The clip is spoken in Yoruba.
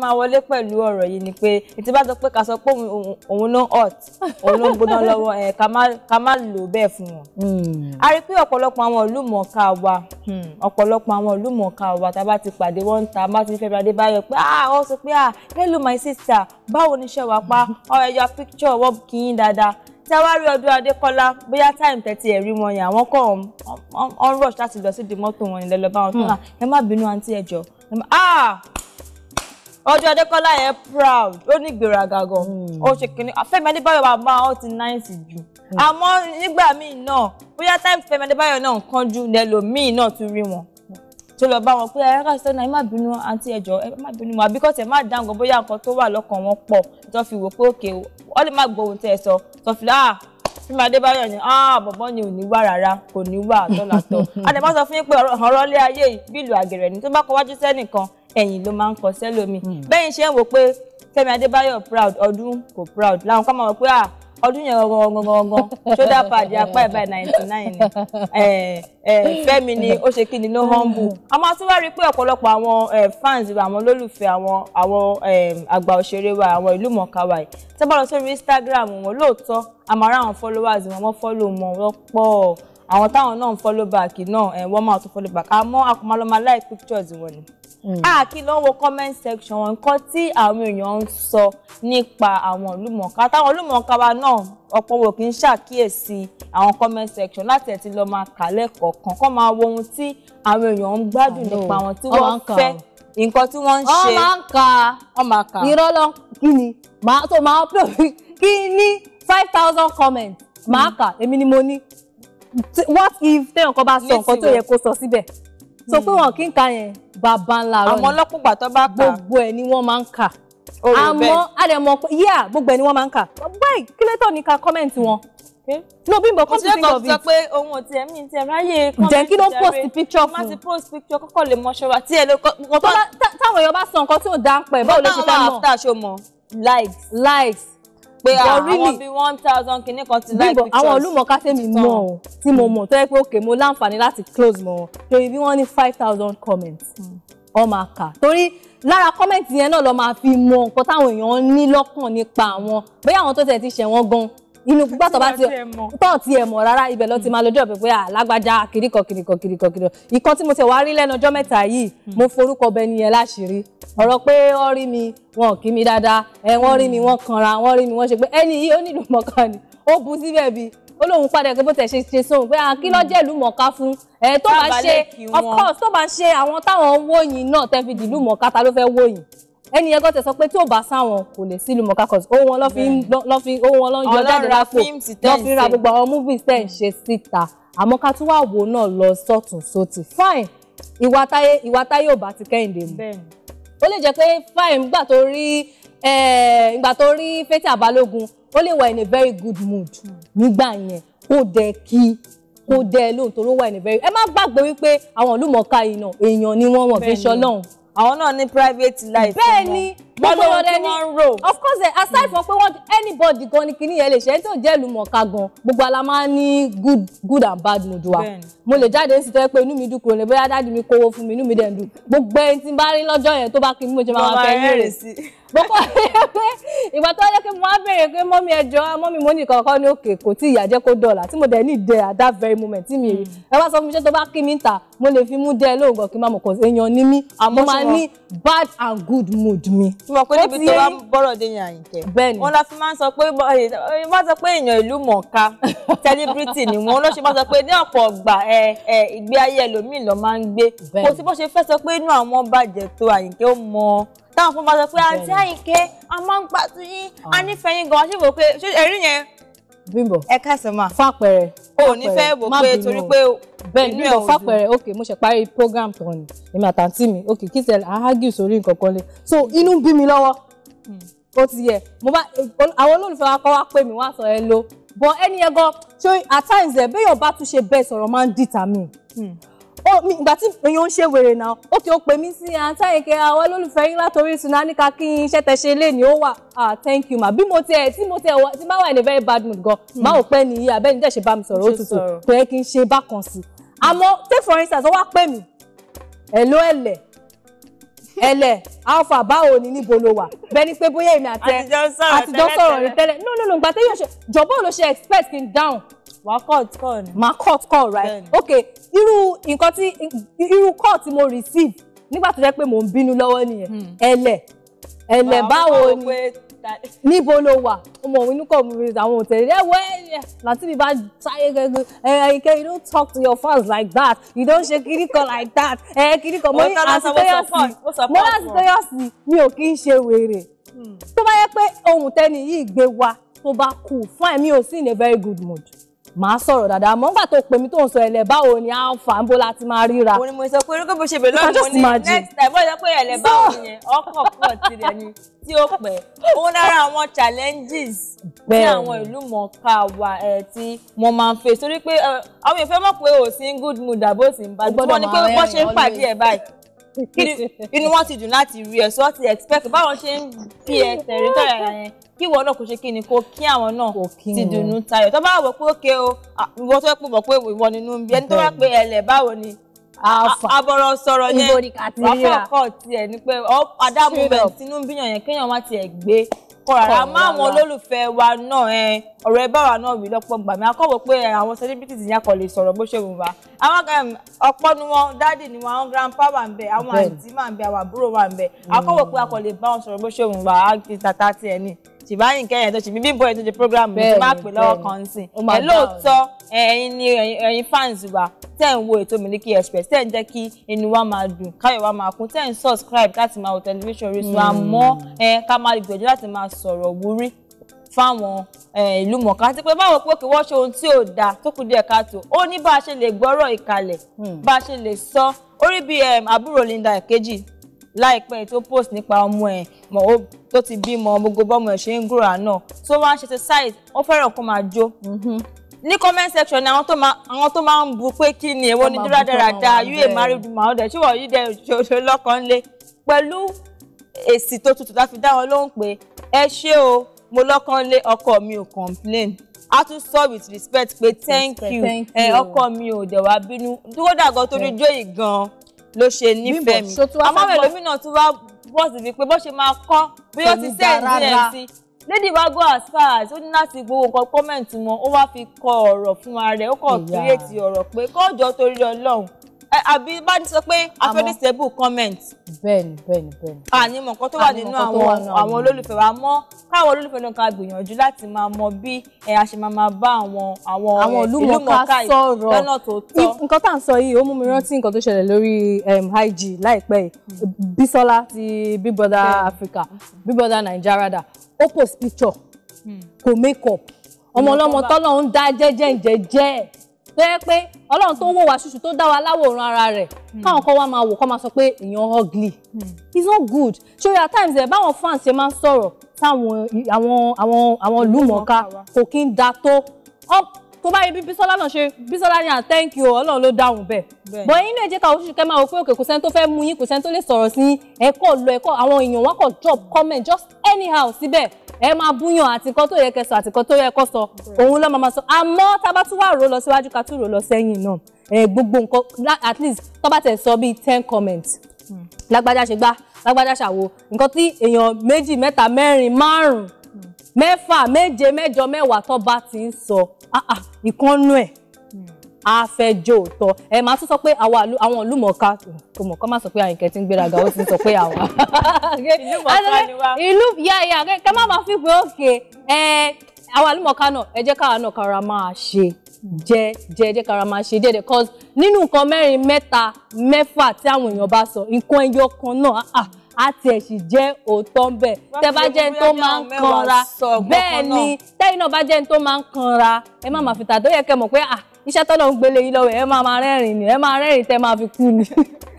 máa wọlé pẹ̀lú ọ̀rọ̀ yìí ni pé tí bá sọ pé ká sọ pé òun ló hot òun ló ń gbóná lọ́wọ́ ẹ̀ ká má lò bẹ́ẹ̀ fún wọn. Hmm. a rí i pé ọ̀pọ̀lọpọ̀ àwọn olùmọ̀ọ́ká wa hmm. ọ̀pọ̀lọpọ̀ àwọn olùmọ̀ọ́ká wa tá a bá ti pàdé wọn ta bá ti fẹ́ pàdé báyọ̀ pé ah ọ sọ pé ah hello my sister báwo ni iṣẹ́ wa pa ọ ẹ̀yà picture wọ́n kì í dáadáa tẹ wá rí ọdún adékọlá bóyá táìmù tẹtí ẹrí wọn yẹn àwọn kọ ọ ń rush láti lọ sí di mọ́tò wọn yẹn lọ bá wọn tó náà hmm. ah, ẹ má bínú àǹtí ẹjọ ah ọjọ́ adékọ́lá yẹn proud ó ní ìgbéraga gan hmm. ó ṣe kínní Fẹ́mi Adébáyọ̀ bàbá ó ti náìsì jù hmm. àmọ́ nígbà míì náà bóyá táìmù Fẹ́mi Adébáyọ̀ náà kán jù lẹ́lòmíì náà tún rí wọn tó lọ bá wọn pé ẹ ká sọ náà ẹ má bínú àǹtí ẹjọ ẹ má bínú mọ àbíkọ́ tẹ má dáhùn gan bóyá nǹkan tó wà lọ́kàn wọn pọ̀ tó fi wò pé òkè ọ lè má gbọ́ ohun tẹ ẹ sọ tó fi láà ah, Fẹ́mi Adébáyọ̀ ni ah bọ̀bọ̀ ni ò ní wà rárá kò ní wà tọ́lá tọ́ àdèmọ́sọ fún yín pé ọ̀rọ̀ ilé ayé yìí bí ìlú àgẹ̀rẹ̀ ni tó bá kọ wájú sẹ́nìkan ẹ̀yìn ló máa ń kọ sẹ́lòmíì hmm. bẹ́yìn ṣe ń wò pé Fẹ́mi Adébáyọ̀ proud ọdún kò proud làwọn kan máa wọ pé ah ọdún yẹn gangan shoulder pad apá ẹ̀ báyìí ninety nine ni Fẹ́mi ni ó ṣe kí ni ló humble àmọ́ tí wàá rí i pé ọ̀pọ̀lọpọ̀ àwọn fans wa àwọn olólùfẹ́ àwọn àwọn àgbà òṣèré wa àwọn ìlú mọ̀ọ́ká wa yìí tẹ́ bá lọ sórí Instagram wọn lóòótọ́ àmàrà àwọn followers wọn wọ́n follow wọn wọ́n pọ̀ àwọn táwọn náà ń follow back náà wọ́n máa tún follow back àmọ́ àkùnmọ́lọ́mọ́ like pictures wọn ni. Mm. a ah, kì í lọ wo comment section wọn nǹkan tí àwọn èèyàn ń sọ nípa àwọn olùmọ̀ọ́ká táwọn olùmọ̀ọ́ká wa náà ọ̀pọ̀ wò kì í ṣàkíyèsí àwọn comment section láti ẹ̀ ti lọ máa kà lẹ́kọ̀ọ̀kan kọ́ máa wo ohun tí àwọn èèyàn ń gbádùn nípa àwọn tí wọ́n fẹ́ nǹkan tí wọ́n ń ṣe wọ́n máa ń ka wọ́n ka irọ́ lọ kí ni màá tó máa pè kí ni five thousand comments màá mm. kà èmi ni mo ní what if téèyàn kan bá sọ nǹkan tó yẹ kó sọ síbẹ̀ sọ pé wọn kì í ka yẹn bàbá ńlá rọ ni àmọ́ lọ́kùngbà tó bá kà gbogbo ẹ̀ ni wọ́n máa ń kà àmọ́ àdẹ̀mọ̀ pé yíyà gbogbo ẹ̀ ni wọ́n máa ń kà báyìí kílẹ̀tọ̀ ní ka kọ́mẹ̀ntì wọn hmm? no bimbo come to think of it. sọ pé ohun ọtí ẹmí ti ẹráyè kọ́mẹ́ntì jẹ́ kí ló post picture fún. má ti post picture kọ́kọ́ lè mọ ṣọ́ra tí ẹ lè kọ́. táwọn èèyàn bá sọ nǹkan tí ò dá ń pẹ́ báwo ló ti fẹ́ mọ̀. bọ́tà wà áfítà ṣo mọ̀ likes. likes pé ah, àwọn bíi one thousand kìíní kan ti like pictures àwọn olùmọ̀ọ́ká tèmi mọ̀ ọ́ tí mo mọ̀ tó yẹ pé òkè mo láǹfààní láti close mọ̀ ọ́ torí bí wọ́n ní five thousand comments hmm. ọ máa kà torí lára Comments yẹn náà lọ máa fi mọ nǹkan táwọn èèyàn ní lọ́kàn nípa àwọn bóyá àwọn tó tẹ̀ ti ṣẹ̀wọ̀n gan-an inú púpọ̀ tó bá ti tọ́ ti ẹ̀ mọ̀ rárá ibẹ̀ ló ti máa lọ́jọ́ ìbẹ̀ pé alágbájá ah, kìríkọ̀ kìríkọ̀ kìríkọ̀ kìríkọ̀ ìkan tí mo ti wá rí lẹ́nu ọjọ́ mẹ́ta yìí mo hmm. forúkọ bẹ nìyẹn láṣìírí ọ̀rọ̀ pé wọ́n rí mi wọn kí mi dáadáa ẹ wọ́n rí mi hmm. wọ́n kanra wọ́n rí mi wọ́n ṣe pé ẹni yìí ó nílùú mọ̀ọ́ká ni ó bu síbẹ̀ bíi ó lóun padà pé bó tẹ̀ ṣe ṣe sóhun pé ah, kí ló hmm. jẹ́ ìlú fún tó bá ṣe of course tó bá ṣe àwọn táwọn ń wòyìn náà tẹ́ fi dìlú mọ̀ọ́ká ta ló fẹ́ wòyìn ẹni yẹn gọ́tẹ̀ sọ pé tí ò bá sáwọn kò lè sí ìlúmọ̀ọ́ká cause ohun wọn lọ́ fi ohun wọn lọ́ ń yọ jáde lápò lọ́ fi ra gbogbo àwọn movies tẹ̀ ń ṣe síta àmọ́ ká tún wá wò náà lọ sọ́tún sótì fine ìwà táyé ìwà táyé ò bá ti kẹ́hìndé mu ó lè jẹ́ pé fine nígbà tó rí ìgbà tó rí Fathia Balógun ó lè wà in a very good mood hmm. nígbà yẹn ó dẹ kí kó dẹ lóhùn tó ló wà in a very ẹ má gbàgbé wípé àwọn ìlúmọ̀ọ́ká yìí náà èèyàn ni wọ́n wọ̀n fi ṣọlọ́hùn àwọn náà ní private life. bẹ́ẹ̀ ni gbogbo wọn ni of course eh, aside from pé wọn anybody gan ni kinní yẹn lè ṣe ẹni tí ò jẹ́ ìlú gan gbogbo ala máa ń ní good good and bad mood wa mo lè jáde sí tọ́jú pé inú mi dùn kúrò lè bóyá dáàdi mi kówó fún mi inú mi dẹ̀ ń dùn gbogbo ẹni tí n bá rí lọ́jọ́ yẹn tó bá kí n mú ṣe máa fẹ́ yẹn rè sí bọ́kọ̀ pé ìgbà tó yẹ kí mo á béèrè pé mọ́mí ẹjọ́ mọ́mí mo ní ìkọ̀ọ̀kan ní òkè kò tí ìyà jẹ́ kó dọ̀là tí mo dẹ̀ ní ìdẹ at that very moment tí mi rí hmm. ẹ bá sọ fún mi ṣé tó bá kí mi ta mo lè fi mú dẹ́ lóògùn ọ̀kí máa mọ̀ kọ́ èèyàn ní mí àmọ́ máa ní bad and good mood mi. mo pe níbi tó bá bọ́rọ̀ dé ní àyìnkẹ́ bẹ́ẹ̀ni wọn la fi máa ń sọ pé wọ́n sọ pé èèyàn ìlú mọ̀ọ́ká celebrity ni wọn ló ṣe máa sọ pé ní ọ̀pọ̀ ọgbà ìgbé ayé ẹlòmíì lọ máa ń gbé kò sí bó ṣe fẹ́ sọ pé inú àwọn bàjẹ́ tó àyìnkẹ́ ó mọ táwọn fún bá sọ pé àǹtí àyìnkẹ́ a máa ń gbà sí yín a ah. nífẹ̀ẹ́ yín gan-an ṣé wò pé ṣé ẹ̀rí yẹn. bímbọ ẹ káàsán máa. fún àpẹẹrẹ o ò ní fẹ́ wò pé torí pé bẹ́ẹ̀ ni bímbọ fún àpẹẹrẹ ok mo ṣe parí program tán ni èmi àtàntí mi ok kí sẹ àhágì sórí nǹkan kan lé so inú bí mi lọ́wọ́ hmm. ó ti yẹ mo bá àwọn olólùfẹ́ wa kọ́ wá pè mí wá sọ ẹ lo but ẹni yẹn gan ṣé at times ẹ bẹ́ẹ̀ yóò bá tún ṣe bẹ́ẹ̀ sọ̀rọ̀ máa ń determine ó mi ìgbà tí èèyàn ń ṣe wèrè náà ó kì í ó pè mí sí àtàyèké àwọn olólùfẹ́ yín látòrí tsunami ká kí n iṣẹ́ tẹ̀ṣe lé ní ó wà ah thank you ma bí mo tiẹ̀ tí mo tiẹ̀ tí bá wà ní very bad mood gan hmm. má ò pẹ́ nìyí abẹ́ni dẹ̀ ṣe bá mi sọ̀rọ̀ ó tutù pé kí n ṣe bákan sí àmọ́ take for instance ó wá pè mí ẹ̀ ló ẹ̀lẹ̀ ẹlẹ alpha báwo ni níbo ló wà bẹ́ẹ̀ ni pé bóyá èmi àtẹ àtijọ́ sọ̀rọ̀ rí tẹ́lẹ̀ no no no gbà tẹ́yọ̀ ṣe jọ̀bọ́ ló ṣe expect kí n down wà cut call ni ma cut call right Okay. ok irú nǹkan tí irú call tí mo receive nígbà tó jẹ́ pé mò ń bínú lọ́wọ́ nìyẹn ẹlẹ hmm. ẹlẹ báwo ni níbo ló wà ọmọ òun inúkọ̀ àwọn òtẹ̀lẹ̀ ẹ wẹ́ láti mi bá sáyé gẹ́gẹ́ ẹ ike you don't talk to your fans like that you don't ṣe kíríkọ like that ẹ kíríkọ mo ní àtìtóyọ̀sì ah, mo ní àtìtóyọ̀sì ah, mi ò kí ń ṣe wèrè hmm. tó bá yẹ pé ohun tẹ́ni yìí gbé wa tó bá kù fún ẹ̀mí ò sí in a very good mood máa sọ̀rọ̀ dáadáa mọ́ nígbà tó pè tó ń sọ ẹ̀lẹ̀ báwo ni alpha ń bó láti máa ríra. òun ni mo sọ pé irúgbó bó ṣe bẹ̀rẹ̀ lọ́nà mo ní next time bó ṣe pé ẹ̀lẹ̀ báwo yẹn ọkọ̀ pọ̀ tirẹ̀ ni tí ó pẹ́ òun lára àwọn challenges tí àwọn ìlú mọ̀ọ́ká wa tí wọ́n máa ń face torí pé àwọn èèyàn fẹ́ mọ̀ pé ò sí good mood àbó sì ń bá jù wọ́n ní pé bó ṣe ń pàdé ẹ̀ báyìí inú wọn ti dùn láti rí ẹ sọ ti expect báwọn ṣe ń fi ẹsẹ rí tọyọ yẹn kí ìwọ náà kò ṣe kí ni kò kí àwọn náà ti dùnú tayọ tó bá wọ pé ókè o ìwọ tó pọ̀ mọ̀ pé ìwọ nínú ń bí ẹni tó wá pé ẹlẹ̀ báwo ni abọ́rọ̀ sọ̀rọ̀ yẹn wàá fọ́ọ̀kọ̀ tiẹ̀ ni pé adámúbẹ̀ tinú ń bíyàn yẹn kéèyàn wá tiẹ̀ gbé kọ́ rárá má àwọn olólùfẹ́ wa náà ọ̀rọ̀ ẹ bá wa náà wí lọ́pọ̀ gbàmí akọ́wọ́ pé àwọn celebrities yẹn kò lè sọ̀rọ̀ bó ṣe wù wá àwọn ọ̀pọ̀ ni wọn dáàdì ni wọn àwọn grandpa wà ń bẹ àwọn àǹtí wà ń bẹ àwọn àbúrò wà ń bẹ akọ́wọ́ pé a kò lè bá wọn sọ̀rọ̀ bó ṣe wù wá á tàtà tiẹ̀ ni ṣìbáyìn kẹyìn tó ṣe bí bíbọ ètò ṣe program mi tó máa pè lọ́wọ́ kan sí oh ẹ lóòótọ́ ẹ̀yin ni ẹ̀yin fans wa tẹ́ ń wo ètò Miliki Express tẹ́ ń jẹ́ kí inú wa máa dùn káyọ̀ wa máa kún tẹ́ ń subscribe láti máa wo tẹlifíṣàn Orísun hmm. àmọ́ ẹ ká máa gbìyànjú láti máa sọ̀rọ̀ wúrí fáwọn ìlú mọ̀ká àti pé báwo pé kí wọ́n ṣe ohun tí ò dáa tó kù díẹ̀ káàtó ó ní bá a ṣe lè gbọ́rọ̀ ìkàlẹ̀ hmm. bá a ṣe lè sọ orí bíi àbúrò Linda Ìkejì láìpẹ́ tó post nípa ọmọ ẹ̀ mọ̀ ó tó ti bímọ gbogbo bọ́mọ ẹ̀ ṣe ń gòrà náà tó wá ń ṣe exercise ó fẹ́ràn kó máa jó mm-hmm. ní comment section ni àwọn tó máa àwọn tó máa ń bu pé kí ni èwo ni dúró dáradára you married woman ọ̀dẹ̀ tí wọ́n yí dẹ̀ ṣoṣo lọ́kàn lé pẹ̀lú èsì tó tutù láfi dá wọn lóhùn pé ẹ ṣé o mo lọ́kàn lé ọkọ mi ò complain a tún sọ with respect pé thank you ọkọ mi ò dẹ̀ wá bínú dúró dàgọ́ torí jó yìí gan-an ló ṣe nífẹ̀ẹ́ mi àmọ́ ẹlòmíì náà tún wá bọ́ sí mi pé bó ṣe máa kọ́ bí ó ti sẹ́ẹ̀dì ẹ̀ sí lady wa go ó ní láti gbowó nǹkan kọ́mẹ̀ntì wọn ó wá fi kọ ọ̀rọ̀ fún ara rẹ̀ ó kọ̀ kírètì ọ̀rọ̀ pé kọ́jọ́ torí ọlọ́run Eh, àbí bá ní sọ pé afẹ́dísẹ́bù comment. bẹ́ẹ̀ni bẹ́ẹ̀ni bẹ́ẹ̀ni. àní mọ̀ nǹkan tó wà nínú àwọn olólùfẹ́ wa mọ́ káwọn olólùfẹ́ náà ká gbìyànjú láti máa mọ bí ẹ a ṣe máa máa bá àwọn àwọn ìlúmọ̀ọ́ká sọ̀rọ̀ lọ́nà tó tọ́. nǹkan tá à ń sọ yìí ó mú mi hmm. rántí nǹkan tó ṣẹlẹ̀ lórí IG láìpẹ́ yìí hmm. Bísọ́lá ti Big Brother Africa Big Brother Nigeria rather ó post picture hmm. kò make up ọmọ ọlọ́mọ tọ́lọ́ ń dá jẹ́jẹ́ jẹ́jẹ́ tó yẹ pé ọlọ́run tó wò wá ṣùṣù tó dá wa láwòrán ara rẹ̀ hmm. káwọn kan wá máa wò kọ́ máa sọ pé èèyàn ugly hmm. it's not good ṣé oya times ẹ̀ báwọn fans ṣe máa ń sọ̀rọ̀ táwọn àwọn àwọn àwọn lùmọ̀ọ́ká kò kí ń da tó tó bá rí bí bísọ́lá náà ṣe bísọ́lá ní à ah, thank you ọlọ́run ló dáhùn bẹ́ẹ̀ bọ́ inú ẹ̀jẹ̀ kàwé ṣùṣù kẹ́ máa wò pé òkè kò sẹ́ni tó fẹ́ mú yín kò sẹ́ni tó lè sọ̀rọ̀ sí ẹ̀kọ́ lọ ẹ̀kọ́ àwọn èèyàn wọn kò drop comment just anyhow síbẹ̀ ẹ máa búyàn àti nǹkan tó yẹ kẹ́ àti nǹkan tó yẹ kó sọ òun ló máa sọ àmọ́ tá tún wà rò lọ síwájú ká tún rò lọ sẹ́yìn náà gbogbo nǹkan at least tó bá tẹ̀ sọ bíi ten comments hmm. lágbájá ṣe gbá lágbájá ṣàwo nǹkan tí èèyàn méjì mẹ́ta mẹ́rin márùn-ún hmm. mẹ́fà méje mẹ́jọ mẹ́wàá tó ti ń sọ ìkànnú ẹ̀ a fẹ́ jó tọ́ ẹ máa tún sọ pé àwọn olùmọ̀ọ́ká kò mọ̀ kọ́ máa sọ pé àyìnkẹ́ ti ń gbéraga ó ti sọ pé àwa. ìlú mọ̀ọ́ká ni wá. ìlú yáyà kẹ́ má máa fi pé òkè ẹ àwọn àlùmọ̀ọ́ká náà ẹ jẹ́ káwa náà kára máa ṣe jẹ jẹ jẹ kára máa ṣe déédéé cause nínú nǹkan mẹ́rin mẹ́ta mẹ́fà tí àwọn èèyàn bá sọ nǹkan ẹyọ kan náà ah a tiẹ̀ sì jẹ́ òótọ́ ń bẹ̀ tẹ bá jẹ́ tó máa ń kanra bẹ́ẹ̀ ni tẹ́yìn náà bá jẹ́ tó máa ń kanra ẹ má máa fi tàdó yẹ kẹ́ mọ̀ pé ah iṣẹ́ tọ́lọ́ ń gbélé yín lọ́wọ́ ẹ máa máa rẹ́rìn ni ẹ máa rẹ́rìn tẹ́ máa fi kú ni.